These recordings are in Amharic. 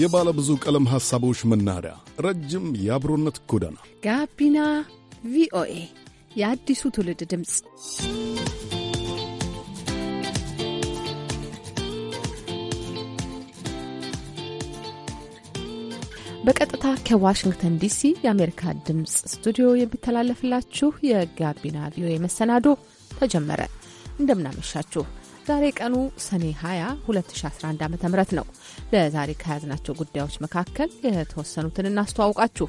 የባለ ብዙ ቀለም ሐሳቦች መናኸሪያ፣ ረጅም የአብሮነት ጎዳና ጋቢና ቪኦኤ የአዲሱ ትውልድ ድምፅ። በቀጥታ ከዋሽንግተን ዲሲ የአሜሪካ ድምፅ ስቱዲዮ የሚተላለፍላችሁ የጋቢና ቪኦኤ መሰናዶ ተጀመረ። እንደምናመሻችሁ ዛሬ ቀኑ ሰኔ 20 2011 ዓ ም ነው። ለዛሬ ከያዝናቸው ጉዳዮች መካከል የተወሰኑትን እናስተዋውቃችሁ።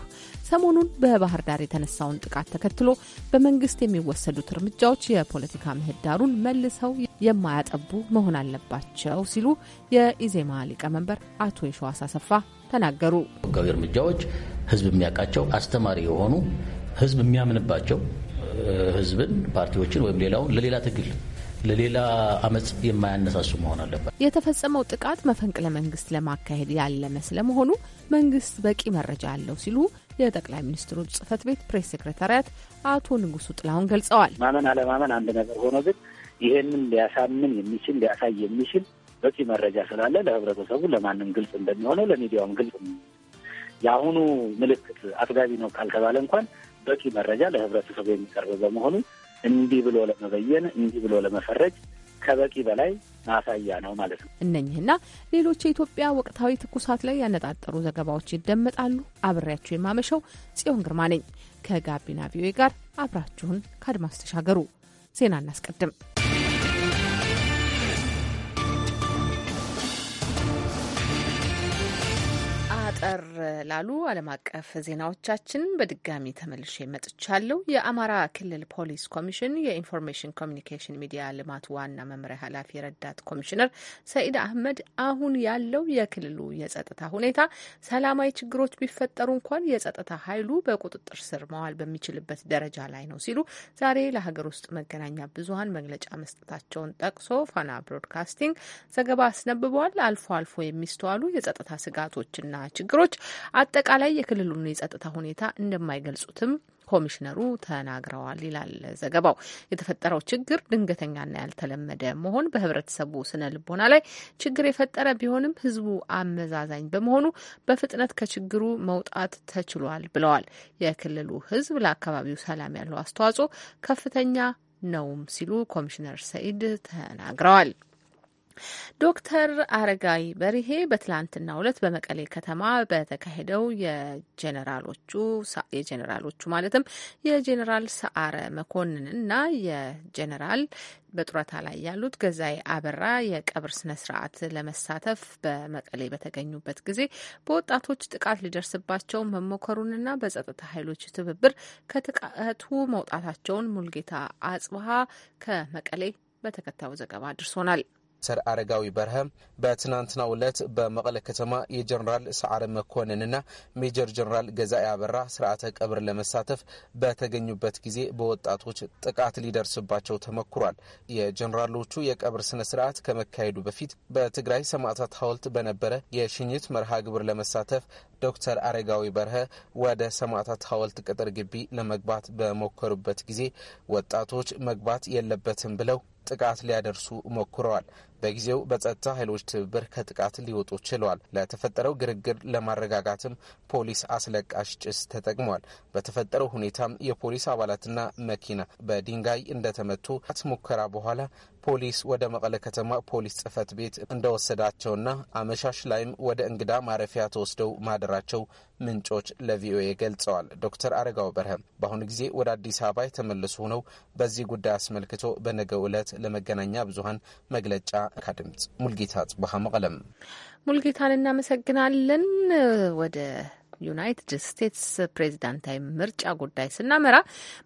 ሰሞኑን በባህር ዳር የተነሳውን ጥቃት ተከትሎ በመንግስት የሚወሰዱት እርምጃዎች የፖለቲካ ምህዳሩን መልሰው የማያጠቡ መሆን አለባቸው ሲሉ የኢዜማ ሊቀመንበር አቶ የሸዋስ አሰፋ ተናገሩ። ህጋዊ እርምጃዎች ህዝብ የሚያውቃቸው አስተማሪ የሆኑ ህዝብ የሚያምንባቸው ህዝብን፣ ፓርቲዎችን ወይም ሌላውን ለሌላ ትግል ለሌላ አመፅ የማያነሳሱ መሆን አለበት። የተፈጸመው ጥቃት መፈንቅለ መንግስት ለማካሄድ ያለመ ስለመሆኑ መንግስት በቂ መረጃ አለው ሲሉ የጠቅላይ ሚኒስትሩ ጽህፈት ቤት ፕሬስ ሴክሬታሪያት አቶ ንጉሱ ጥላሁን ገልጸዋል። ማመን አለማመን አንድ ነገር ሆኖ ግን ይህንን ሊያሳምን የሚችል ሊያሳይ የሚችል በቂ መረጃ ስላለ ለህብረተሰቡ ለማንም ግልጽ እንደሚሆነው ለሚዲያውም ግልጽ የአሁኑ ምልክት አጥጋቢ ነው ካልተባለ እንኳን በቂ መረጃ ለህብረተሰቡ የሚቀርብ በመሆኑ እንዲህ ብሎ ለመበየን እንዲህ ብሎ ለመፈረጅ ከበቂ በላይ ማሳያ ነው ማለት ነው። እነኝህና ሌሎች የኢትዮጵያ ወቅታዊ ትኩሳት ላይ ያነጣጠሩ ዘገባዎች ይደመጣሉ። አብሬያችሁ የማመሸው ጽዮን ግርማ ነኝ። ከጋቢና ቪዮኤ ጋር አብራችሁን ከአድማስ ተሻገሩ። ዜና እናስቀድም። አጠር ላሉ ዓለም አቀፍ ዜናዎቻችን በድጋሚ ተመልሼ መጥቻለሁ። የአማራ ክልል ፖሊስ ኮሚሽን የኢንፎርሜሽን ኮሚኒኬሽን ሚዲያ ልማት ዋና መምሪያ ኃላፊ ረዳት ኮሚሽነር ሰኢድ አህመድ አሁን ያለው የክልሉ የጸጥታ ሁኔታ ሰላማዊ ችግሮች ቢፈጠሩ እንኳን የጸጥታ ኃይሉ በቁጥጥር ስር መዋል በሚችልበት ደረጃ ላይ ነው ሲሉ ዛሬ ለሀገር ውስጥ መገናኛ ብዙኃን መግለጫ መስጠታቸውን ጠቅሶ ፋና ብሮድካስቲንግ ዘገባ አስነብበዋል። አልፎ አልፎ የሚስተዋሉ የጸጥታ ስጋቶችና ችግሮች መፈክሮች አጠቃላይ የክልሉን የጸጥታ ሁኔታ እንደማይገልጹትም ኮሚሽነሩ ተናግረዋል ይላል ዘገባው። የተፈጠረው ችግር ድንገተኛና ያልተለመደ መሆን በህብረተሰቡ ስነ ልቦና ላይ ችግር የፈጠረ ቢሆንም ህዝቡ አመዛዛኝ በመሆኑ በፍጥነት ከችግሩ መውጣት ተችሏል ብለዋል። የክልሉ ህዝብ ለአካባቢው ሰላም ያለው አስተዋጽኦ ከፍተኛ ነውም ሲሉ ኮሚሽነር ሰኢድ ተናግረዋል። ዶክተር አረጋይ በርሄ በትላንትና ዕለት በመቀሌ ከተማ በተካሄደው የጀኔራሎቹ የጀኔራሎቹ ማለትም የጀኔራል ሰዓረ እና የጀኔራል በጡረታ ላይ ያሉት ገዛይ አበራ የቀብር ስነ ስርዓት ለመሳተፍ በመቀሌ በተገኙበት ጊዜ በወጣቶች ጥቃት ሊደርስባቸው መሞከሩንና በጸጥታ ኃይሎች ትብብር ከጥቃቱ መውጣታቸውን ሙልጌታ አጽብሀ ከመቀሌ በተከታዩ ዘገባ አድርሶናል። ዶክተር አረጋዊ በርሀ በትናንትናው ዕለት በመቀለ ከተማ የጀኔራል ሰዓረ መኮንንና ሜጀር ጀኔራል ገዛኢ አበራ ስርዓተ ቀብር ለመሳተፍ በተገኙበት ጊዜ በወጣቶች ጥቃት ሊደርስባቸው ተመክሯል። የጀኔራሎቹ የቀብር ስነ ስርዓት ከመካሄዱ በፊት በትግራይ ሰማዕታት ሐውልት በነበረ የሽኝት መርሃ ግብር ለመሳተፍ ዶክተር አረጋዊ በርሀ ወደ ሰማዕታት ሐውልት ቅጥር ግቢ ለመግባት በሞከሩበት ጊዜ ወጣቶች መግባት የለበትም ብለው ጥቃት ሊያደርሱ ሞክረዋል። በጊዜው በጸጥታ ኃይሎች ትብብር ከጥቃት ሊወጡ ችለዋል። ለተፈጠረው ግርግር ለማረጋጋትም ፖሊስ አስለቃሽ ጭስ ተጠቅሟል። በተፈጠረው ሁኔታም የፖሊስ አባላትና መኪና በድንጋይ እንደተመቱ ት ሙከራ በኋላ ፖሊስ ወደ መቀለ ከተማ ፖሊስ ጽህፈት ቤት እንደወሰዳቸውና አመሻሽ ላይም ወደ እንግዳ ማረፊያ ተወስደው ማደራቸው ምንጮች ለቪኦኤ ገልጸዋል። ዶክተር አረጋው በርሀም በአሁኑ ጊዜ ወደ አዲስ አበባ የተመለሱ ሆነው በዚህ ጉዳይ አስመልክቶ በነገው ዕለት ለመገናኛ ብዙሀን መግለጫ ለአሜሪካ ድምጽ ሙልጌታ ጽቡሃ መቀለም። ሙልጌታን እናመሰግናለን። ወደ ዩናይትድ ስቴትስ ፕሬዚዳንታዊ ምርጫ ጉዳይ ስናመራ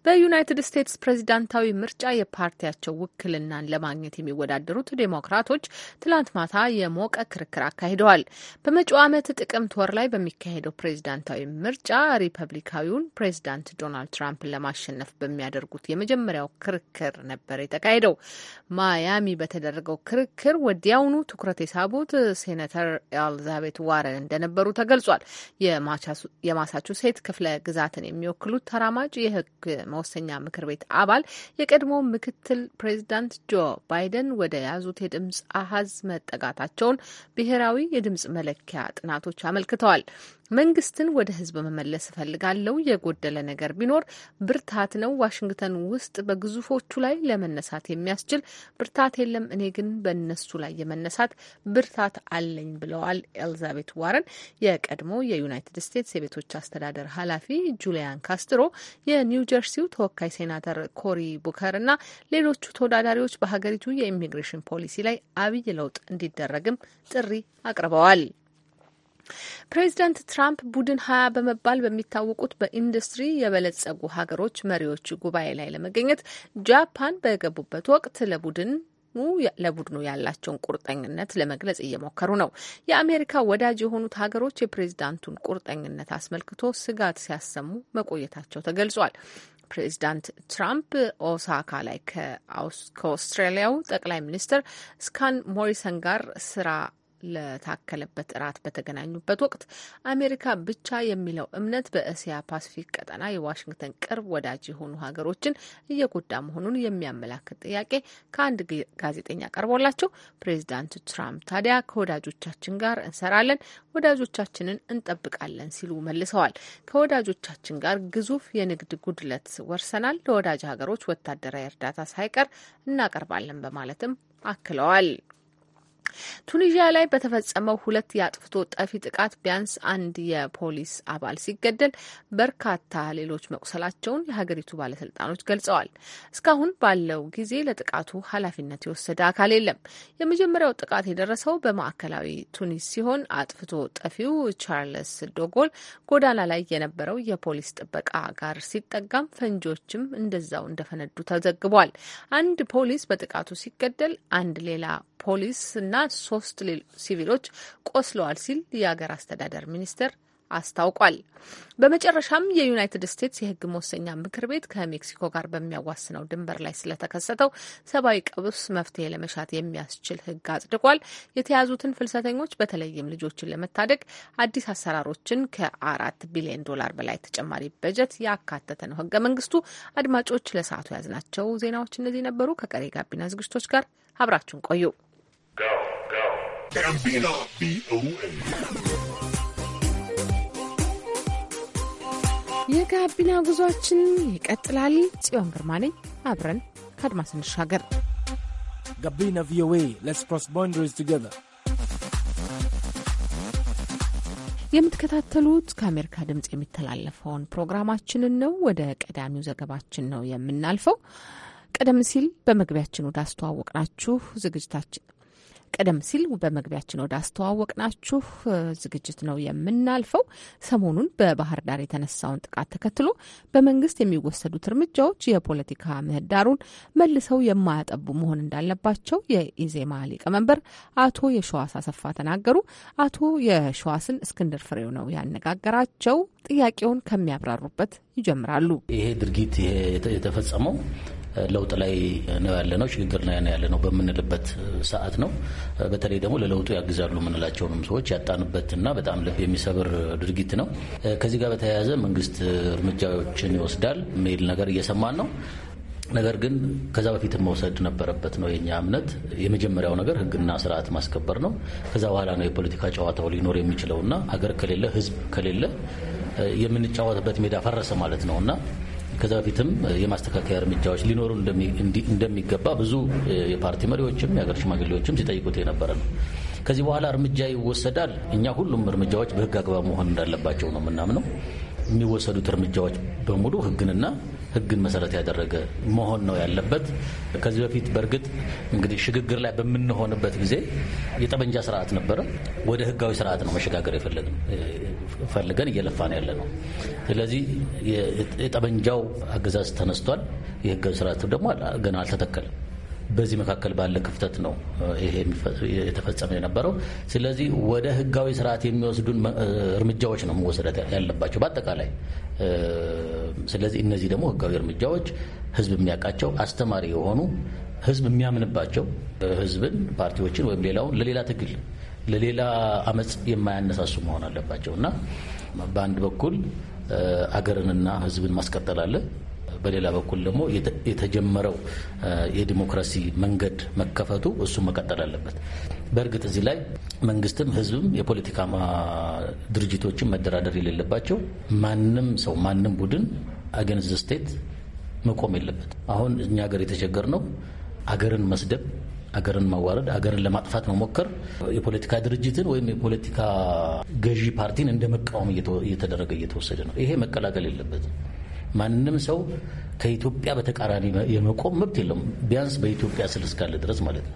በዩናይትድ ስቴትስ ፕሬዚዳንታዊ ምርጫ የፓርቲያቸው ውክልናን ለማግኘት የሚወዳደሩት ዴሞክራቶች ትላንት ማታ የሞቀ ክርክር አካሂደዋል። በመጪው ዓመት ጥቅምት ወር ላይ በሚካሄደው ፕሬዚዳንታዊ ምርጫ ሪፐብሊካዊውን ፕሬዚዳንት ዶናልድ ትራምፕን ለማሸነፍ በሚያደርጉት የመጀመሪያው ክርክር ነበር የተካሄደው። ማያሚ በተደረገው ክርክር ወዲያውኑ ትኩረት የሳቡት ሴኔተር ኤልዛቤት ዋረን እንደነበሩ ተገልጿል። የማሳቹሴት ክፍለ ግዛትን የሚወክሉት ተራማጅ የህግ መወሰኛ ምክር ቤት አባል የቀድሞ ምክትል ፕሬዚዳንት ጆ ባይደን ወደ ያዙት የድምፅ አሀዝ መጠጋታቸውን ብሔራዊ የድምፅ መለኪያ ጥናቶች አመልክተዋል። መንግስትን ወደ ህዝብ መመለስ እፈልጋለሁ። የጎደለ ነገር ቢኖር ብርታት ነው። ዋሽንግተን ውስጥ በግዙፎቹ ላይ ለመነሳት የሚያስችል ብርታት የለም። እኔ ግን በእነሱ ላይ የመነሳት ብርታት አለኝ ብለዋል ኤልዛቤት ዋረን። የቀድሞ የዩናይትድ ስቴትስ የቤቶች አስተዳደር ኃላፊ ጁሊያን ካስትሮ፣ የኒው ጀርሲው ተወካይ ሴናተር ኮሪ ቡከር እና ሌሎቹ ተወዳዳሪዎች በሀገሪቱ የኢሚግሬሽን ፖሊሲ ላይ አብይ ለውጥ እንዲደረግም ጥሪ አቅርበዋል። ፕሬዚዳንት ትራምፕ ቡድን ሀያ በመባል በሚታወቁት በኢንዱስትሪ የበለጸጉ ሀገሮች መሪዎች ጉባኤ ላይ ለመገኘት ጃፓን በገቡበት ወቅት ለቡድን ለቡድኑ ያላቸውን ቁርጠኝነት ለመግለጽ እየሞከሩ ነው። የአሜሪካ ወዳጅ የሆኑት ሀገሮች የፕሬዚዳንቱን ቁርጠኝነት አስመልክቶ ስጋት ሲያሰሙ መቆየታቸው ተገልጿል። ፕሬዚዳንት ትራምፕ ኦሳካ ላይ ከአውስትራሊያው ጠቅላይ ሚኒስትር ስካን ሞሪሰን ጋር ስራ ለታከለበት እራት በተገናኙበት ወቅት አሜሪካ ብቻ የሚለው እምነት በእስያ ፓሲፊክ ቀጠና የዋሽንግተን ቅርብ ወዳጅ የሆኑ ሀገሮችን እየጎዳ መሆኑን የሚያመላክት ጥያቄ ከአንድ ጋዜጠኛ ቀርቦላቸው ፕሬዚዳንት ትራምፕ ታዲያ ከወዳጆቻችን ጋር እንሰራለን፣ ወዳጆቻችንን እንጠብቃለን ሲሉ መልሰዋል። ከወዳጆቻችን ጋር ግዙፍ የንግድ ጉድለት ወርሰናል፣ ለወዳጅ ሀገሮች ወታደራዊ እርዳታ ሳይቀር እናቀርባለን በማለትም አክለዋል። ቱኒዥያ ላይ በተፈጸመው ሁለት የአጥፍቶ ጠፊ ጥቃት ቢያንስ አንድ የፖሊስ አባል ሲገደል በርካታ ሌሎች መቁሰላቸውን የሀገሪቱ ባለስልጣኖች ገልጸዋል። እስካሁን ባለው ጊዜ ለጥቃቱ ኃላፊነት የወሰደ አካል የለም። የመጀመሪያው ጥቃት የደረሰው በማዕከላዊ ቱኒስ ሲሆን አጥፍቶ ጠፊው ቻርለስ ዶጎል ጎዳና ላይ የነበረው የፖሊስ ጥበቃ ጋር ሲጠጋም ፈንጂዎችም እንደዛው እንደፈነዱ ተዘግቧል። አንድ ፖሊስ በጥቃቱ ሲገደል አንድ ሌላ ፖሊስ እና ሶስት ሲቪሎች ቆስለዋል ሲል የሀገር አስተዳደር ሚኒስቴር አስታውቋል። በመጨረሻም የዩናይትድ ስቴትስ የሕግ መወሰኛ ምክር ቤት ከሜክሲኮ ጋር በሚያዋስነው ድንበር ላይ ስለተከሰተው ሰብአዊ ቀውስ መፍትሄ ለመሻት የሚያስችል ሕግ አጽድቋል። የተያዙትን ፍልሰተኞች በተለይም ልጆችን ለመታደግ አዲስ አሰራሮችን ከአራት ቢሊዮን ዶላር በላይ ተጨማሪ በጀት ያካተተ ነው ሕገ መንግስቱ። አድማጮች ለሰዓቱ ያዝናቸው ዜናዎች እነዚህ ነበሩ። ከቀሪ ጋቢና ዝግጅቶች ጋር አብራችሁን ቆዩ። የጋቢና ጉዟችን ይቀጥላል። ጽዮን ግርማ ነኝ። አብረን ከአድማስ እንሻገር። ጋቢና ቪኦኤ ሌትስ ክሮስ ቦንደሪስ ቱጌዘር የምትከታተሉት ከአሜሪካ ድምፅ የሚተላለፈውን ፕሮግራማችንን ነው። ወደ ቀዳሚው ዘገባችን ነው የምናልፈው። ቀደም ሲል በመግቢያችን ወደ አስተዋወቅናችሁ ዝግጅታችን ቀደም ሲል በመግቢያችን ወደ አስተዋወቅናችሁ ዝግጅት ነው የምናልፈው። ሰሞኑን በባህር ዳር የተነሳውን ጥቃት ተከትሎ በመንግስት የሚወሰዱት እርምጃዎች የፖለቲካ ምህዳሩን መልሰው የማያጠቡ መሆን እንዳለባቸው የኢዜማ ሊቀመንበር አቶ የሸዋስ አሰፋ ተናገሩ። አቶ የሸዋስን እስክንድር ፍሬው ነው ያነጋገራቸው። ጥያቄውን ከሚያብራሩበት ይጀምራሉ። ይሄ ድርጊት የተፈጸመው ለውጥ ላይ ነው ያለ ነው፣ ሽግግር ላይ ነው ያለ ነው በምንልበት ሰዓት ነው። በተለይ ደግሞ ለለውጡ ያግዛሉ የምንላቸውንም ሰዎች ያጣንበትና በጣም ልብ የሚሰብር ድርጊት ነው። ከዚህ ጋር በተያያዘ መንግስት እርምጃዎችን ይወስዳል የሚል ነገር እየሰማን ነው። ነገር ግን ከዛ በፊት መውሰድ ነበረበት ነው የኛ እምነት። የመጀመሪያው ነገር ህግና ስርዓት ማስከበር ነው። ከዛ በኋላ ነው የፖለቲካ ጨዋታው ሊኖር የሚችለውና ሀገር ከሌለ ህዝብ ከሌለ የምንጫወትበት ሜዳ ፈረሰ ማለት ነውና ከዛ በፊትም የማስተካከያ እርምጃዎች ሊኖሩ እንደሚገባ ብዙ የፓርቲ መሪዎችም የሀገር ሽማግሌዎችም ሲጠይቁት የነበረ ነው። ከዚህ በኋላ እርምጃ ይወሰዳል። እኛ ሁሉም እርምጃዎች በህግ አግባብ መሆን እንዳለባቸው ነው የምናምነው። የሚወሰዱት እርምጃዎች በሙሉ ህግንና ህግን መሰረት ያደረገ መሆን ነው ያለበት። ከዚህ በፊት በእርግጥ እንግዲህ ሽግግር ላይ በምንሆንበት ጊዜ የጠመንጃ ስርዓት ነበረ። ወደ ህጋዊ ስርዓት ነው መሸጋገር የፈለግን ፈልገን እየለፋን ያለ ነው። ስለዚህ የጠመንጃው አገዛዝ ተነስቷል። የህጋዊ ስርዓት ደግሞ ገና አልተተከለም። በዚህ መካከል ባለ ክፍተት ነው ይሄ የተፈጸመ የነበረው። ስለዚህ ወደ ህጋዊ ስርዓት የሚወስዱን እርምጃዎች ነው መወሰደት ያለባቸው በአጠቃላይ። ስለዚህ እነዚህ ደግሞ ህጋዊ እርምጃዎች ህዝብ የሚያውቃቸው አስተማሪ የሆኑ ህዝብ የሚያምንባቸው ህዝብን፣ ፓርቲዎችን ወይም ሌላውን ለሌላ ትግል ለሌላ አመፅ የማያነሳሱ መሆን አለባቸው እና በአንድ በኩል አገርንና ህዝብን ማስቀጠል አለ። በሌላ በኩል ደግሞ የተጀመረው የዲሞክራሲ መንገድ መከፈቱ እሱ መቀጠል አለበት። በእርግጥ እዚህ ላይ መንግስትም ህዝብም የፖለቲካ ድርጅቶችን መደራደር የሌለባቸው ማንም ሰው ማንም ቡድን አገንዝ ስቴት መቆም የለበት። አሁን እኛ ሀገር የተቸገር ነው አገርን መስደብ አገርን ማዋረድ፣ አገርን ለማጥፋት መሞከር የፖለቲካ ድርጅትን ወይም የፖለቲካ ገዢ ፓርቲን እንደ መቃወም እየተደረገ እየተወሰደ ነው። ይሄ መቀላቀል የለበትም። ማንም ሰው ከኢትዮጵያ በተቃራኒ የመቆም መብት የለውም፣ ቢያንስ በኢትዮጵያ ስል እስካለ ድረስ ማለት ነው።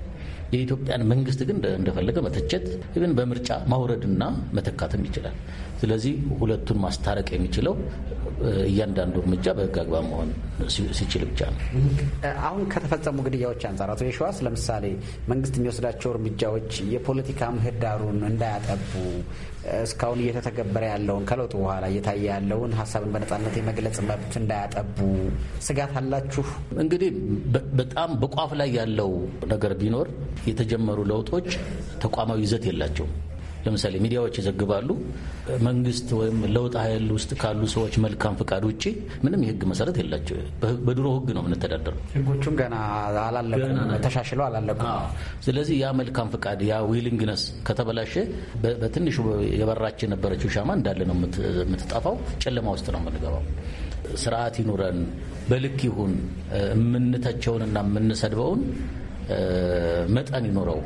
የኢትዮጵያን መንግስት ግን እንደፈለገ መተቸት፣ ግን በምርጫ ማውረድና መተካትም ይችላል። ስለዚህ ሁለቱን ማስታረቅ የሚችለው እያንዳንዱ እርምጃ በህግ አግባብ መሆን ሲችል ብቻ ነው። አሁን ከተፈጸሙ ግድያዎች አንጻር አቶ የሸዋስ ለምሳሌ መንግስት የሚወስዳቸው እርምጃዎች የፖለቲካ ምህዳሩን እንዳያጠቡ እስካሁን እየተተገበረ ያለውን ከለውጡ በኋላ እየታየ ያለውን ሀሳብን በነጻነት የመግለጽ መብት እንዳያጠቡ ስጋት አላችሁ? እንግዲህ በጣም በቋፍ ላይ ያለው ነገር ቢኖር የተጀመሩ ለውጦች ተቋማዊ ይዘት የላቸውም። ለምሳሌ ሚዲያዎች ይዘግባሉ። መንግስት ወይም ለውጥ ኃይል ውስጥ ካሉ ሰዎች መልካም ፍቃድ ውጭ ምንም የህግ መሰረት የላቸው። በድሮ ህግ ነው የምንተዳደረው። ህጎቹም ገና አላለቁም፣ ተሻሽለው አላለቁም። ስለዚህ ያ መልካም ፍቃድ ያ ዊሊንግነስ ከተበላሸ በትንሹ የበራች የነበረችው ሻማ እንዳለ ነው የምትጠፋው። ጨለማ ውስጥ ነው የምንገባው። ስርዓት ይኑረን፣ በልክ ይሁን። የምንተቸውንና የምንሰድበውን መጠን ይኖረው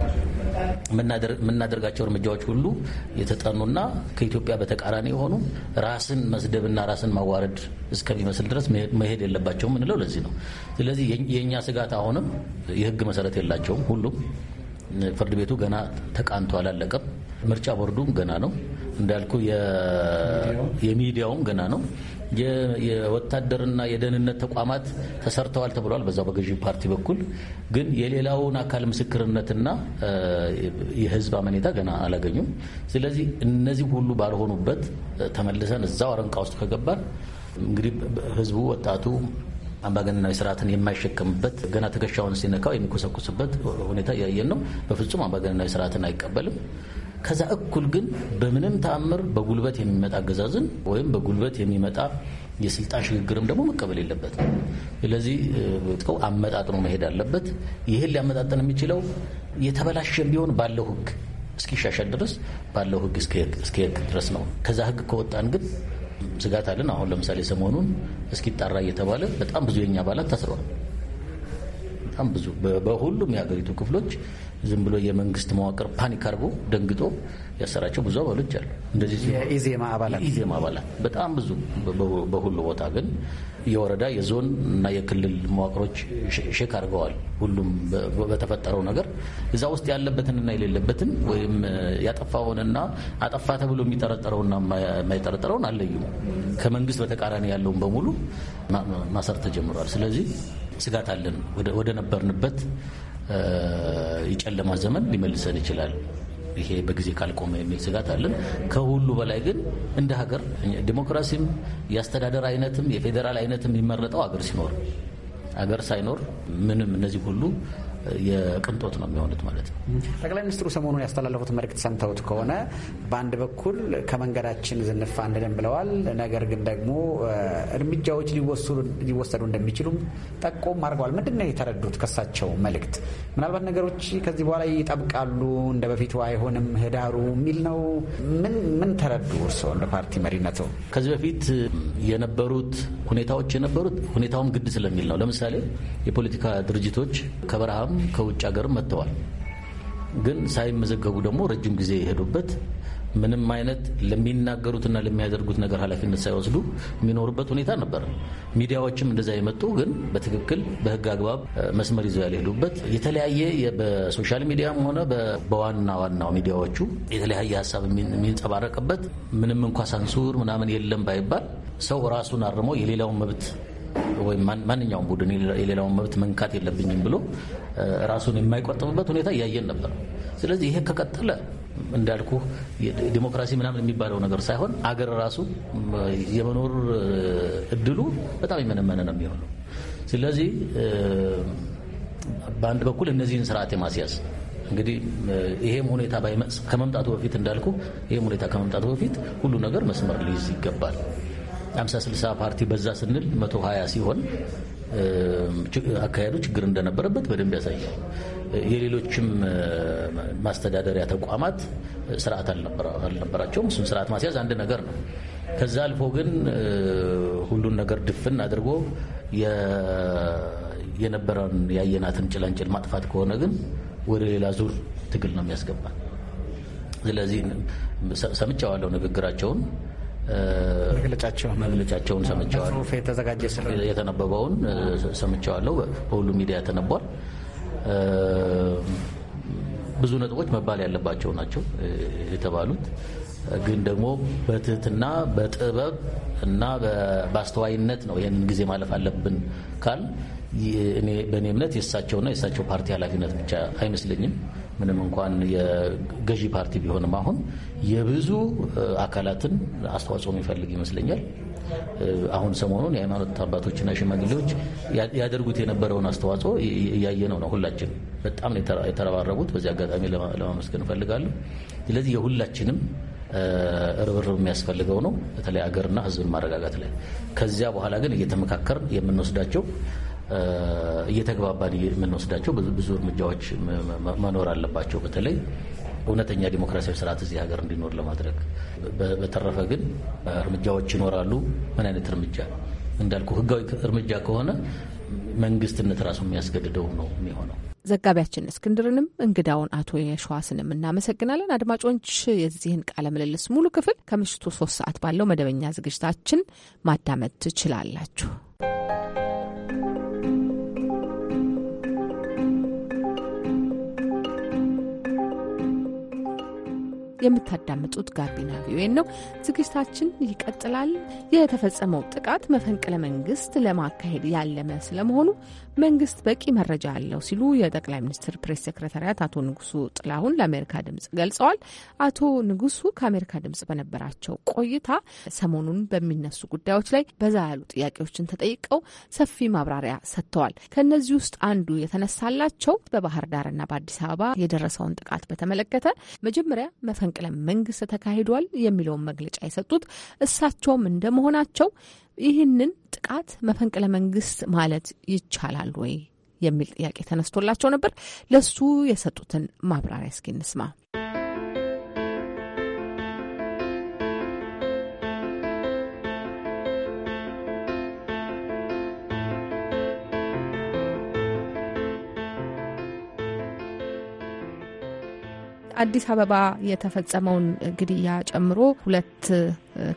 የምናደርጋቸው እርምጃዎች ሁሉ የተጠኑና ከኢትዮጵያ በተቃራኒ የሆኑ ራስን መስደብና ራስን ማዋረድ እስከሚመስል ድረስ መሄድ የለባቸውም ምንለው ለዚህ ነው። ስለዚህ የእኛ ስጋት አሁንም የህግ መሰረት የላቸውም። ሁሉም ፍርድ ቤቱ ገና ተቃንቶ አላለቀም። ምርጫ ቦርዱም ገና ነው እንዳልኩ፣ የሚዲያውም ገና ነው። የወታደርና የደህንነት ተቋማት ተሰርተዋል ተብሏል። በዛው በገዢ ፓርቲ በኩል ግን የሌላውን አካል ምስክርነትና የህዝብ አመኔታ ገና አላገኙም። ስለዚህ እነዚህ ሁሉ ባልሆኑበት ተመልሰን እዛው አረንቃ ውስጥ ከገባን እንግዲህ ህዝቡ ወጣቱ አምባገነናዊ ስርዓትን የማይሸከምበት ገና ትከሻውን ሲነካው የሚኮሰኩስበት ሁኔታ እያየን ነው። በፍጹም አምባገነናዊ ስርዓትን አይቀበልም። ከዛ እኩል ግን በምንም ተአምር በጉልበት የሚመጣ አገዛዝን ወይም በጉልበት የሚመጣ የስልጣን ሽግግርም ደግሞ መቀበል የለበትም። ስለዚህ ጥው አመጣጥኖ መሄድ አለበት። ይህን ሊያመጣጠን የሚችለው የተበላሸ ቢሆን ባለው ህግ እስኪሻሻል ድረስ ባለው ህግ እስኪሄድ ድረስ ነው። ከዛ ህግ ከወጣን ግን ስጋት አለን። አሁን ለምሳሌ ሰሞኑን እስኪጣራ እየተባለ በጣም ብዙ የኛ አባላት ታስረዋል። በጣም ብዙ በሁሉም የሀገሪቱ ክፍሎች ዝም ብሎ የመንግስት መዋቅር ፓኒክ አድርጎ ደንግጦ ያሰራቸው ብዙ አባሎች አሉ። እንደዚህ የኢዜማ አባላት አባላት በጣም ብዙ በሁሉ ቦታ ግን የወረዳ የዞን እና የክልል መዋቅሮች ሼክ አድርገዋል። ሁሉም በተፈጠረው ነገር እዛ ውስጥ ያለበትንና የሌለበትን ወይም ያጠፋውንና አጠፋ ተብሎ የሚጠረጠረውና የማይጠረጠረውን አለዩም። ከመንግስት በተቃራኒ ያለውን በሙሉ ማሰር ተጀምሯል። ስለዚህ ስጋት አለን ወደ ነበርንበት የጨለማ ዘመን ሊመልሰን ይችላል። ይሄ በጊዜ ካልቆመ የሚል ስጋት አለን። ከሁሉ በላይ ግን እንደ ሀገር ዲሞክራሲም የአስተዳደር አይነትም የፌዴራል አይነትም የሚመረጠው ሀገር ሲኖር ሀገር ሳይኖር ምንም እነዚህ ሁሉ የቅንጦት ነው የሚሆኑት ማለት ነው። ጠቅላይ ሚኒስትሩ ሰሞኑን ያስተላለፉት መልእክት ሰምተውት ከሆነ በአንድ በኩል ከመንገዳችን ዝንፋ አንልም ብለዋል። ነገር ግን ደግሞ እርምጃዎች ሊወሰዱ እንደሚችሉም ጠቆም አድርገዋል። ምንድን ነው የተረዱት ከሳቸው መልእክት? ምናልባት ነገሮች ከዚህ በኋላ ይጠብቃሉ፣ እንደ በፊቱ አይሆንም፣ ህዳሩ የሚል ነው። ምን ምን ተረዱ እርስዎ እንደ ፓርቲ መሪነት? ከዚህ በፊት የነበሩት ሁኔታዎች የነበሩት ሁኔታውም ግድ ስለሚል ነው። ለምሳሌ የፖለቲካ ድርጅቶች ከበረሃም ከውጭ ሀገር መጥተዋል። ግን ሳይመዘገቡ ደግሞ ረጅም ጊዜ የሄዱበት ምንም አይነት ለሚናገሩትና ለሚያደርጉት ነገር ኃላፊነት ሳይወስዱ የሚኖሩበት ሁኔታ ነበር። ሚዲያዎችም እንደዛ የመጡ ግን በትክክል በህግ አግባብ መስመር ይዘው ያልሄዱበት የተለያየ በሶሻል ሚዲያም ሆነ በዋና ዋናው ሚዲያዎቹ የተለያየ ሀሳብ የሚንጸባረቅበት ምንም እንኳ ሳንሱር ምናምን የለም ባይባል ሰው ራሱን አርሞ የሌላውን መብት ወይም ማንኛውም ቡድን የሌላውን መብት መንካት የለብኝም ብሎ ራሱን የማይቆጥብበት ሁኔታ እያየን ነበር። ስለዚህ ይሄ ከቀጠለ እንዳልኩ ዲሞክራሲ ምናምን የሚባለው ነገር ሳይሆን አገር ራሱ የመኖር እድሉ በጣም የመነመነ ነው የሚሆነው። ስለዚህ በአንድ በኩል እነዚህን ስርዓት የማስያዝ እንግዲህ ይሄም ሁኔታ ከመምጣቱ በፊት እንዳልኩ ይሄም ሁኔታ ከመምጣቱ በፊት ሁሉ ነገር መስመር ሊይዝ ይገባል። የአምሳ ስልሳ ፓርቲ በዛ ስንል መቶ ሀያ ሲሆን አካሄዱ ችግር እንደነበረበት በደንብ ያሳያል። የሌሎችም ማስተዳደሪያ ተቋማት ስርዓት አልነበራቸውም። እሱም ስርዓት ማስያዝ አንድ ነገር ነው። ከዛ አልፎ ግን ሁሉን ነገር ድፍን አድርጎ የነበረን ያየናትን ጭላንጭል ማጥፋት ከሆነ ግን ወደ ሌላ ዙር ትግል ነው የሚያስገባል። ስለዚህ ሰምቻዋለሁ ንግግራቸውን መግለጫቸውን ሰምቸዋለሁ። የተነበበውን ሰምቸዋለሁ። በሁሉም ሚዲያ ተነቧል። ብዙ ነጥቦች መባል ያለባቸው ናቸው የተባሉት ግን ደግሞ በትህትና በጥበብ እና በአስተዋይነት ነው ይህንን ጊዜ ማለፍ አለብን ካል በእኔ እምነት የእሳቸውና የእሳቸው ፓርቲ ኃላፊነት ብቻ አይመስለኝም። ምንም እንኳን የገዢ ፓርቲ ቢሆንም አሁን የብዙ አካላትን አስተዋጽኦ የሚፈልግ ይመስለኛል። አሁን ሰሞኑን የሃይማኖት አባቶችና ሽማግሌዎች ያደርጉት የነበረውን አስተዋጽኦ እያየነው ነው። ሁላችን በጣም የተረባረቡት። በዚህ አጋጣሚ ለማመስገን እፈልጋለሁ። ስለዚህ የሁላችንም ርብርብ የሚያስፈልገው ነው፣ በተለይ ሀገርና ሕዝብን ማረጋጋት ላይ። ከዚያ በኋላ ግን እየተመካከር የምንወስዳቸው እየተግባባን የምንወስዳቸው ብዙ እርምጃዎች መኖር አለባቸው። በተለይ እውነተኛ ዲሞክራሲያዊ ስርዓት እዚህ ሀገር እንዲኖር ለማድረግ በተረፈ ግን እርምጃዎች ይኖራሉ። ምን አይነት እርምጃ እንዳልኩ ህጋዊ እርምጃ ከሆነ መንግስትነት ራሱ የሚያስገድደው ነው የሚሆነው። ዘጋቢያችን እስክንድርንም እንግዳውን አቶ የሸዋስንም እናመሰግናለን። አድማጮች የዚህን ቃለ ምልልስ ሙሉ ክፍል ከምሽቱ ሶስት ሰዓት ባለው መደበኛ ዝግጅታችን ማዳመጥ ትችላላችሁ። የምታዳምጡት ጋቢና ቪዌን ነው። ዝግጅታችን ይቀጥላል። የተፈጸመው ጥቃት መፈንቅለ መንግስት ለማካሄድ ያለመ ስለመሆኑ መንግስት በቂ መረጃ አለው ሲሉ የጠቅላይ ሚኒስትር ፕሬስ ሴክረታሪያት አቶ ንጉሱ ጥላሁን ለአሜሪካ ድምጽ ገልጸዋል። አቶ ንጉሱ ከአሜሪካ ድምጽ በነበራቸው ቆይታ ሰሞኑን በሚነሱ ጉዳዮች ላይ በዛ ያሉ ጥያቄዎችን ተጠይቀው ሰፊ ማብራሪያ ሰጥተዋል። ከእነዚህ ውስጥ አንዱ የተነሳላቸው በባህር ዳርና በአዲስ አበባ የደረሰውን ጥቃት በተመለከተ መጀመሪያ መፈንቅለ መንግስት ተካሂዷል የሚለውን መግለጫ የሰጡት እሳቸውም እንደመሆናቸው ይህንን ጥቃት መፈንቅለ መንግስት ማለት ይቻላል ወይ የሚል ጥያቄ ተነስቶላቸው ነበር። ለሱ የሰጡትን ማብራሪያ እስኪ እንስማ። አዲስ አበባ የተፈጸመውን ግድያ ጨምሮ ሁለት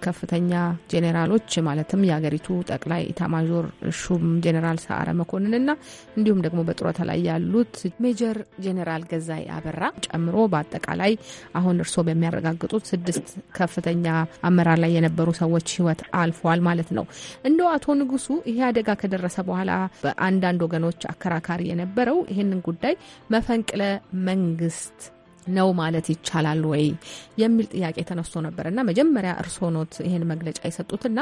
ከፍተኛ ጄኔራሎች ማለትም የሀገሪቱ ጠቅላይ ኢታማዦር ሹም ጄኔራል ሰዓረ መኮንንና እንዲሁም ደግሞ በጡረታ ላይ ያሉት ሜጀር ጄኔራል ገዛይ አበራ ጨምሮ በአጠቃላይ አሁን እርስዎ በሚያረጋግጡት ስድስት ከፍተኛ አመራር ላይ የነበሩ ሰዎች ህይወት አልፏል ማለት ነው። እንደ አቶ ንጉሱ ይሄ አደጋ ከደረሰ በኋላ በአንዳንድ ወገኖች አከራካሪ የነበረው ይህንን ጉዳይ መፈንቅለ መንግስት ነው ማለት ይቻላል ወይ የሚል ጥያቄ ተነስቶ ነበር እና መጀመሪያ እርስዎ ኖት ይህን መግለጫ የሰጡትና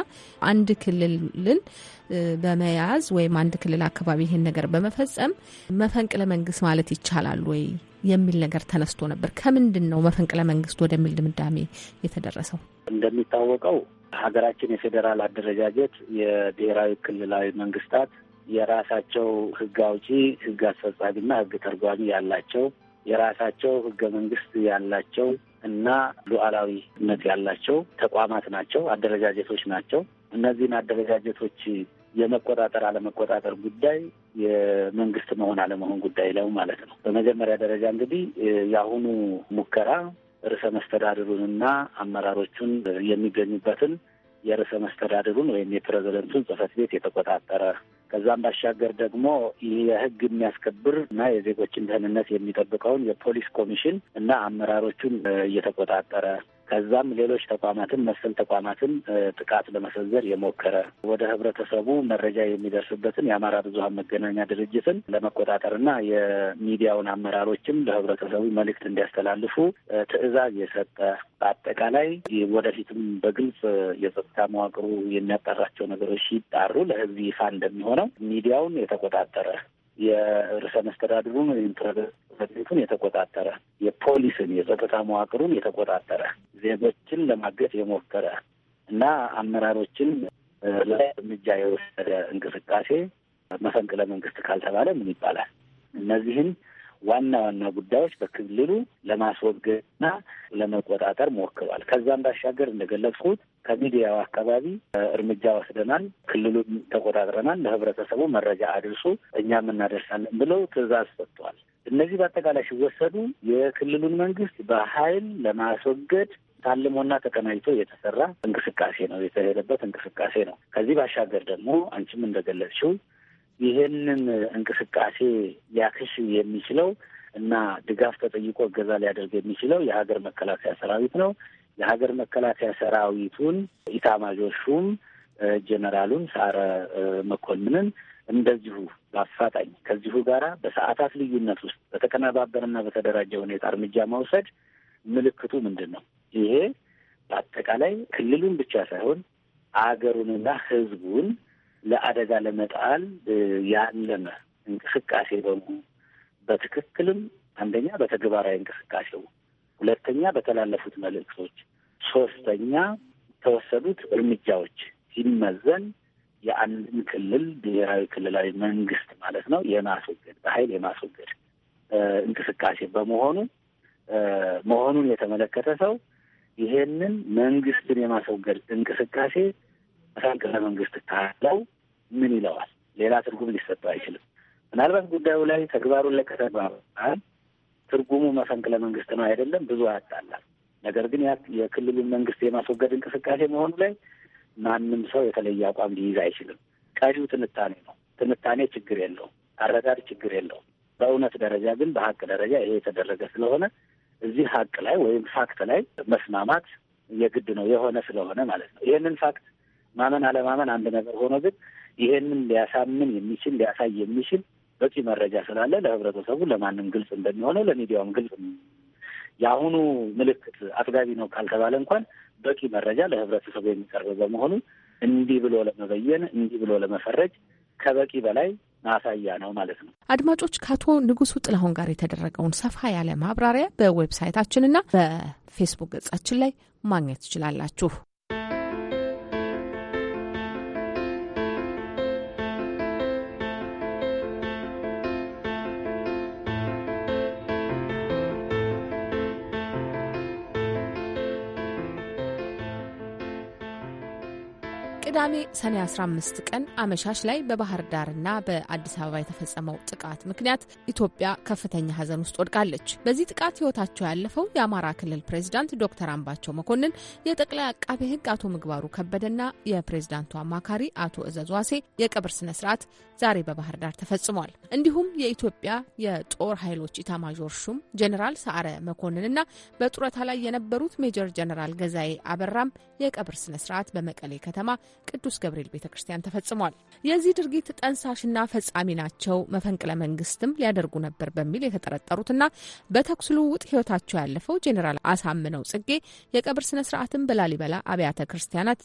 አንድ ክልልን በመያዝ ወይም አንድ ክልል አካባቢ ይህን ነገር በመፈጸም መፈንቅለ መንግስት ማለት ይቻላል ወይ የሚል ነገር ተነስቶ ነበር። ከምንድን ነው መፈንቅለ መንግስት ወደሚል ድምዳሜ የተደረሰው? እንደሚታወቀው ሀገራችን የፌዴራል አደረጃጀት የብሔራዊ ክልላዊ መንግስታት የራሳቸው ህግ አውጪ፣ ህግ አስፈጻሚና ህግ ተርጓሚ ያላቸው የራሳቸው ህገ መንግስት ያላቸው እና ሉዓላዊነት ያላቸው ተቋማት ናቸው፣ አደረጃጀቶች ናቸው። እነዚህን አደረጃጀቶች የመቆጣጠር አለመቆጣጠር ጉዳይ የመንግስት መሆን አለመሆን ጉዳይ ነው ማለት ነው። በመጀመሪያ ደረጃ እንግዲህ የአሁኑ ሙከራ ርዕሰ መስተዳድሩንና አመራሮቹን የሚገኙበትን የርዕሰ መስተዳድሩን ወይም የፕሬዚደንቱን ጽህፈት ቤት የተቆጣጠረ ከዛም ባሻገር ደግሞ የህግ የሚያስከብር እና የዜጎችን ደህንነት የሚጠብቀውን የፖሊስ ኮሚሽን እና አመራሮቹን እየተቆጣጠረ ከዛም ሌሎች ተቋማትን መሰል ተቋማትን ጥቃት ለመሰንዘር የሞከረ ወደ ህብረተሰቡ መረጃ የሚደርስበትን የአማራ ብዙሀን መገናኛ ድርጅትን ለመቆጣጠርና የሚዲያውን አመራሮችም ለህብረተሰቡ መልእክት እንዲያስተላልፉ ትዕዛዝ የሰጠ በአጠቃላይ ወደፊትም በግልጽ የጸጥታ መዋቅሩ የሚያጣራቸው ነገሮች ሲጣሩ ለህዝብ ይፋ እንደሚሆነው ሚዲያውን የተቆጣጠረ የርዕሰ መስተዳድሩን ወይም ጽሕፈት ቤቱን የተቆጣጠረ የፖሊስን የጸጥታ መዋቅሩን የተቆጣጠረ ዜጎችን ለማገት የሞከረ እና አመራሮችን ላይ እርምጃ የወሰደ እንቅስቃሴ መፈንቅለ መንግስት ካልተባለ ምን ይባላል? እነዚህን ዋና ዋና ጉዳዮች በክልሉ ለማስወገድና ለመቆጣጠር ሞክሯል። ከዛም ባሻገር እንደገለጽኩት ከሚዲያው አካባቢ እርምጃ ወስደናል፣ ክልሉን ተቆጣጥረናል፣ ለህብረተሰቡ መረጃ አድርሱ፣ እኛም እናደርሳለን ብለው ትዕዛዝ ሰጥቷል። እነዚህ በአጠቃላይ ሲወሰዱ የክልሉን መንግስት በኃይል ለማስወገድ ታልሞና ተቀናጅቶ የተሰራ እንቅስቃሴ ነው የተሄደበት እንቅስቃሴ ነው። ከዚህ ባሻገር ደግሞ አንቺም እንደገለጽሽው ይህንን እንቅስቃሴ ሊያክሽ የሚችለው እና ድጋፍ ተጠይቆ እገዛ ሊያደርግ የሚችለው የሀገር መከላከያ ሰራዊት ነው። የሀገር መከላከያ ሰራዊቱን ኢታማዦር ሹም ጀነራሉን ሳረ መኮንንን እንደዚሁ በአፋጣኝ ከዚሁ ጋራ በሰዓታት ልዩነት ውስጥ በተቀነባበረና በተደራጀ ሁኔታ እርምጃ መውሰድ ምልክቱ ምንድን ነው? ይሄ በአጠቃላይ ክልሉን ብቻ ሳይሆን አገሩንና ሕዝቡን ለአደጋ ለመጣል ያለመ እንቅስቃሴ በሙሉ በትክክልም አንደኛ በተግባራዊ እንቅስቃሴው፣ ሁለተኛ በተላለፉት መልእክቶች፣ ሶስተኛ የተወሰዱት እርምጃዎች ሲመዘን የአንድን ክልል ብሔራዊ ክልላዊ መንግስት ማለት ነው የማስወገድ በኃይል የማስወገድ እንቅስቃሴ በመሆኑ መሆኑን የተመለከተ ሰው ይሄንን መንግስትን የማስወገድ እንቅስቃሴ መፈንቅለ መንግስት ካለው ምን ይለዋል? ሌላ ትርጉም ሊሰጠው አይችልም። ምናልባት ጉዳዩ ላይ ተግባሩን ላይ ከተባባል ትርጉሙ መፈንቅለ መንግስት ነው አይደለም ብዙ አያጣላል። ነገር ግን የክልሉን መንግስት የማስወገድ እንቅስቃሴ መሆኑ ላይ ማንም ሰው የተለየ አቋም ሊይዝ አይችልም። ቀሪው ትንታኔ ነው። ትንታኔ ችግር የለውም፣ አረዳድ ችግር የለውም። በእውነት ደረጃ ግን በሀቅ ደረጃ ይሄ የተደረገ ስለሆነ እዚህ ሀቅ ላይ ወይም ፋክት ላይ መስማማት የግድ ነው የሆነ ስለሆነ ማለት ነው። ይህንን ፋክት ማመን አለማመን አንድ ነገር ሆኖ ግን ይሄንን ሊያሳምን የሚችል ሊያሳይ የሚችል በቂ መረጃ ስላለ ለህብረተሰቡ ለማንም ግልጽ እንደሚሆነው ለሚዲያውም ግልጽ የአሁኑ ምልክት አጥጋቢ ነው ካልተባለ እንኳን በቂ መረጃ ለህብረተሰቡ የሚቀርብ በመሆኑ እንዲህ ብሎ ለመበየን እንዲህ ብሎ ለመፈረጅ ከበቂ በላይ ማሳያ ነው ማለት ነው። አድማጮች ከአቶ ንጉሱ ጥላሁን ጋር የተደረገውን ሰፋ ያለ ማብራሪያ በዌብሳይታችንና በፌስቡክ ገጻችን ላይ ማግኘት ትችላላችሁ። ቅዳሜ ሰኔ 15 ቀን አመሻሽ ላይ በባህር ዳርና በአዲስ አበባ የተፈጸመው ጥቃት ምክንያት ኢትዮጵያ ከፍተኛ ሀዘን ውስጥ ወድቃለች። በዚህ ጥቃት ህይወታቸው ያለፈው የአማራ ክልል ፕሬዚዳንት ዶክተር አምባቸው መኮንን፣ የጠቅላይ አቃቤ ህግ አቶ ምግባሩ ከበደና የፕሬዚዳንቱ አማካሪ አቶ እዘዙ ዋሴ የቀብር ስነ ስርዓት ዛሬ በባህር ዳር ተፈጽሟል። እንዲሁም የኢትዮጵያ የጦር ኃይሎች ኢታማዦር ሹም ጀኔራል ሰዓረ መኮንንና በጡረታ ላይ የነበሩት ሜጀር ጀኔራል ገዛኤ አበራም የቀብር ስነ ስርዓት በመቀሌ ከተማ ቅዱስ ገብርኤል ቤተ ክርስቲያን ተፈጽሟል። የዚህ ድርጊት ጠንሳሽና ፈጻሚ ናቸው መፈንቅለ መንግስትም ሊያደርጉ ነበር በሚል የተጠረጠሩትና በተኩስ ልውውጥ ህይወታቸው ያለፈው ጄኔራል አሳምነው ጽጌ የቀብር ስነ ስርዓትን በላሊበላ አብያተ ክርስቲያናት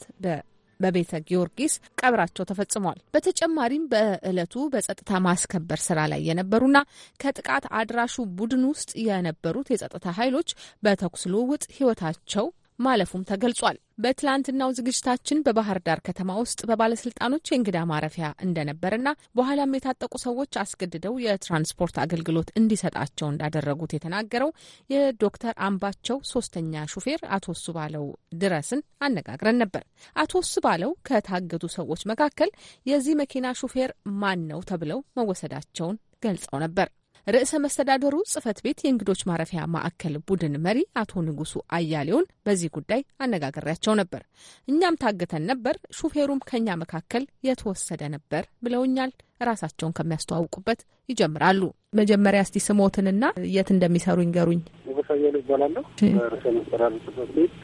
በቤተ ጊዮርጊስ ቀብራቸው ተፈጽሟል። በተጨማሪም በዕለቱ በጸጥታ ማስከበር ስራ ላይ የነበሩና ከጥቃት አድራሹ ቡድን ውስጥ የነበሩት የጸጥታ ኃይሎች በተኩስ ልውውጥ ህይወታቸው ማለፉም ተገልጿል። በትላንትናው ዝግጅታችን በባህር ዳር ከተማ ውስጥ በባለስልጣኖች የእንግዳ ማረፊያ እንደነበርና በኋላም የታጠቁ ሰዎች አስገድደው የትራንስፖርት አገልግሎት እንዲሰጣቸው እንዳደረጉት የተናገረው የዶክተር አምባቸው ሶስተኛ ሹፌር አቶ ባለው ድረስን አነጋግረን ነበር። አቶ ባለው ከታገዱ ሰዎች መካከል የዚህ መኪና ሹፌር ማን ነው ተብለው መወሰዳቸውን ገልጸው ነበር። ርዕሰ መስተዳደሩ ጽህፈት ቤት የእንግዶች ማረፊያ ማዕከል ቡድን መሪ አቶ ንጉሱ አያሌውን በዚህ ጉዳይ አነጋግሬያቸው ነበር። እኛም ታግተን ነበር፣ ሹፌሩም ከኛ መካከል የተወሰደ ነበር ብለውኛል። ራሳቸውን ከሚያስተዋውቁበት ይጀምራሉ። መጀመሪያ እስቲ ስሞትንና የት እንደሚሰሩ ይንገሩኝ። ንጉሱ አያሌው ይባላለሁ። በርዕሰ መስተዳደሩ ጽህፈት ቤት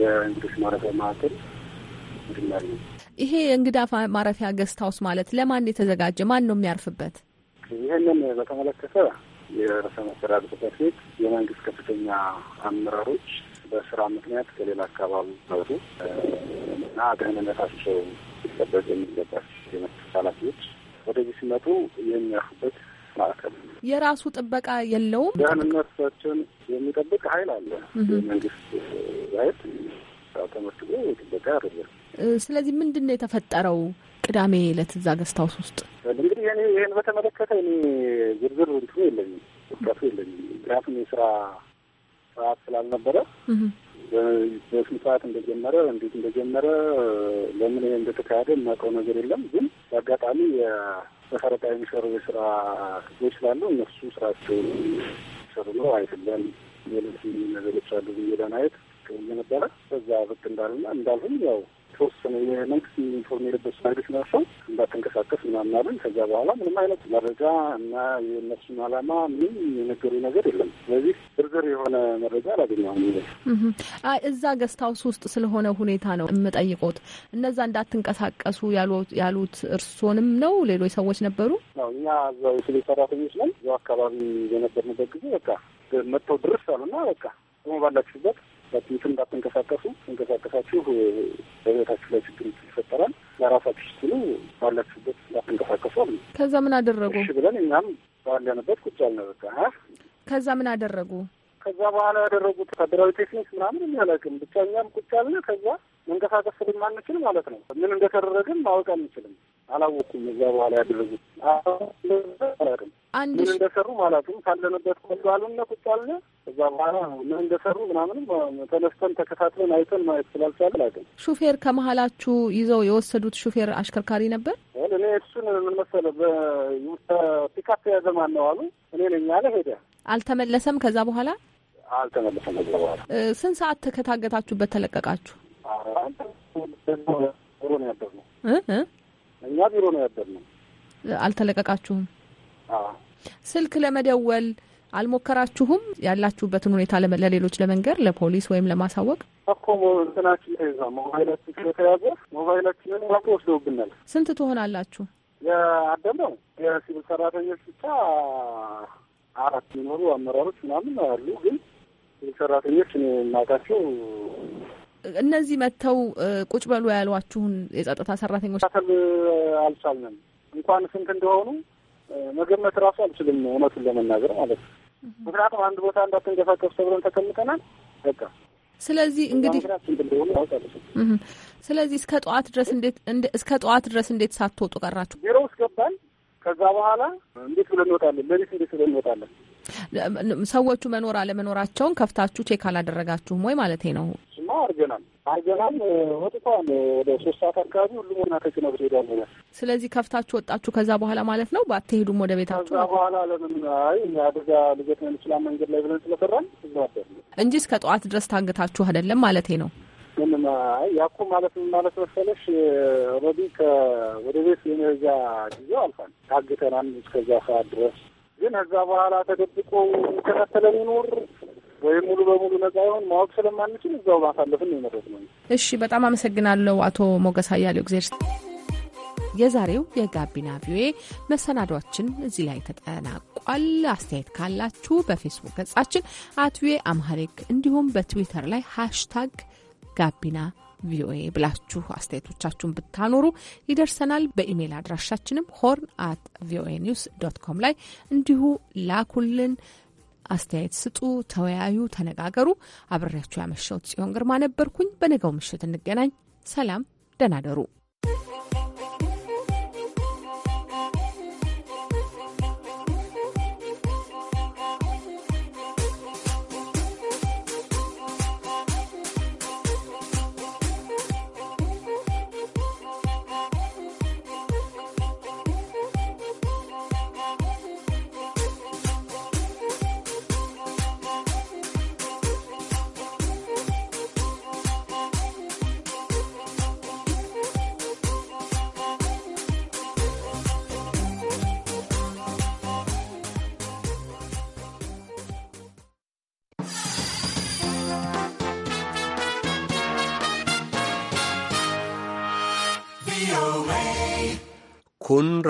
የእንግዶች ማረፊያ ማዕከል ቡድን መሪ ይሄ የእንግዳ ማረፊያ ገስት ሀውስ ማለት ለማን የተዘጋጀ ማን ነው የሚያርፍበት? ይህንን በተመለከተ የርዕሰ መስተዳድር ጽሕፈት ቤት የመንግስት ከፍተኛ አመራሮች በስራ ምክንያት ከሌላ አካባቢ መሩ እና ደህንነታቸው ሊጠበቅ የሚገባቸው የመንግስት ኃላፊዎች ወደዚህ ሲመጡ የሚያርፉበት ማዕከል የራሱ ጥበቃ የለውም። ደህንነታቸውን የሚጠብቅ ኃይል አለ። የመንግስት ኃይል ተመድቦ የጥበቃ አይደለም። ስለዚህ ምንድን ነው የተፈጠረው? ቅዳሜ ዕለት ገስታውስ ውስጥ እኔ ይህን በተመለከተ እኔ ዝርዝር እንትኑ የለኝ እውቀቱ የለኝ። ምክንያቱም የስራ ሰዓት ስላልነበረ በስንት ሰዓት እንደጀመረ እንዴት እንደጀመረ ለምን ይሄ እንደተካሄደ የማውቀው ነገር የለም። ግን በአጋጣሚ የመሰረታዊ የሚሰሩ የስራ ክፍሎች ስላሉ እነሱ ስራቸው ሰሩ ነው አይደለም የሌሎች ነገሮች አሉ ብዬ ለማየት ነበረ በዛ ብቅ እንዳልና እንዳልሁም ያው የተወሰነ የመንግስት ኢንፎርም የለበሱ ኃይሎች ናቸው እንዳትንቀሳቀስ ምናምን አሉኝ። ከዛ በኋላ ምንም አይነት መረጃ እና የእነሱን ዓላማ ምንም የነገሩ ነገር የለም። ስለዚህ ዝርዝር የሆነ መረጃ አላገኘሁም። እዛ ገስታውስ ውስጥ ስለሆነ ሁኔታ ነው የምጠይቆት። እነዛ እንዳትንቀሳቀሱ ያሉት እርሶንም ነው ሌሎች ሰዎች ነበሩ? እኛ እዛው የሲቪል ሰራተኞች ነን። እዛው አካባቢ የነበርንበት ጊዜ በቃ መጥተው ድረስ አሉና በቃ ሞ ባላችሁበት እንዳትባትት እንዳትንቀሳቀሱ፣ እንቀሳቀሳችሁ በህይወታችሁ ላይ ችግር ይፈጠራል። ለራሳችሁ ስትሉ ባላችሁበት እንዳትንቀሳቀሱ አሉ። ከዛ ምን አደረጉ? እሺ ብለን እኛም ባለንበት ቁጭ አልን። በቃ ከዛ ምን አደረጉ? ከዛ በኋላ ያደረጉት ወታደራዊ ቴክኒክ ምናምን የሚያላቅም ብቻ እኛም ቁጭ አልን። ከዛ መንቀሳቀስ ስለማንችል ማለት ነው ምን እንደተደረገም ማወቅ አንችልም። አላወኩም። እዛ በኋላ ያደረጉት አላቅም ምን እንደሰሩ ማለትም ካለንበት ሁሉ አሉነ ቁጭ እዛ በኋላ ምን እንደሰሩ ምናምንም ተነስተን ተከታትለን አይተን ማየት ስላልቻለ አይተን። ሹፌር ከመሀላችሁ ይዘው የወሰዱት ሹፌር አሽከርካሪ ነበር። እኔ እሱን ምን መሰለህ በፒካፕ የያዘ ማን ነው አሉ። እኔ ነኝ አለ። ሄደ። አልተመለሰም። ከዛ በኋላ አልተመለሰም። ከዛ በኋላ ስንት ሰዓት ተከታገታችሁበት ተለቀቃችሁ? ቢሮ ነው ያደር ነው እኛ ቢሮ ነው ያደር ነው አልተለቀቃችሁም? ስልክ ለመደወል አልሞከራችሁም? ያላችሁበትን ሁኔታ ለሌሎች ለመንገር ለፖሊስ ወይም ለማሳወቅ እኮ እንትናችን ተይዛ ሞባይላችን ስለተያዘ ሞባይላችንን ራሱ ወስደውብናል። ስንት ትሆናላችሁ? የአደለው የሲቪል ሰራተኞች ብቻ አራት የሚኖሩ አመራሮች ምናምን አሉ። ግን ሲቪል ሰራተኞች የማውቃቸው እነዚህ መጥተው ቁጭ በሉ ያሏችሁን የጸጥታ ሰራተኞች አልቻልንም። እንኳን ስንት እንደሆኑ መገመት ራሱ አልችልም፣ እውነቱን ለመናገር ማለት ነው። ምክንያቱም አንድ ቦታ እንዳትንቀሳቀስ ተብለን ተቀምጠናል። በቃ ስለዚህ እንግዲህ ስለዚህ እስከ ጠዋት ድረስ እንዴት እስከ ጠዋት ድረስ እንዴት ሳትወጡ ቀራችሁ? ቢሮ ውስጥ ገባን። ከዛ በኋላ እንዴት ብለን እንወጣለን? ሌሊት እንዴት ብለን እንወጣለን? ሰዎቹ መኖር አለመኖራቸውን ከፍታችሁ ቼክ አላደረጋችሁም ወይ ማለት ነው? እና አድርገናል አድርገናል ወጥቷን ወደ ሶስት ሰዓት አካባቢ ሁሉም ወና ተጭኖ ብትሄዳል ሆነ። ስለዚህ ከፍታችሁ ወጣችሁ ከዛ በኋላ ማለት ነው። ባትሄዱም ወደ ቤታችሁ ከዛ በኋላ ለምን አይ አደጋ ልገት ነን ስላ መንገድ ላይ ብለን ስለፈራን እዛ አደር እንጂ እስከ ጠዋት ድረስ ታግታችሁ አይደለም ማለቴ ነው። ምንም ያኩ ማለት ማለት መሰለሽ ኦልሬዲ ከወደ ቤት የመሄጃ ጊዜው አልፋል። ታግተናን እስከዛ ሰዓት ድረስ ግን እዛ በኋላ ተደብቆ ከተተለን ሚኖር ወይም ሙሉ በሙሉ ነጻ ይሆን ማወቅ ስለማንችል እዛው ማሳለፍን የመረጥ ነው። እሺ፣ በጣም አመሰግናለሁ አቶ ሞገስ አያሌው ጊዜር። የዛሬው የጋቢና ቪዮኤ መሰናዷችን እዚህ ላይ ተጠናቋል። አስተያየት ካላችሁ በፌስቡክ ገጻችን አት ቪኦኤ አምሃሪክ እንዲሁም በትዊተር ላይ ሃሽታግ ጋቢና ቪኦኤ ብላችሁ አስተያየቶቻችሁን ብታኖሩ ይደርሰናል። በኢሜይል አድራሻችንም ሆርን አት ቪኦኤ ኒውስ ዶት ኮም ላይ እንዲሁ ላኩልን። አስተያየት ስጡ፣ ተወያዩ፣ ተነጋገሩ። አብሬያችሁ ያመሸሁት ጽዮን ግርማ ነበርኩኝ። በነገው ምሽት እንገናኝ። ሰላም፣ ደህና ደሩ። kun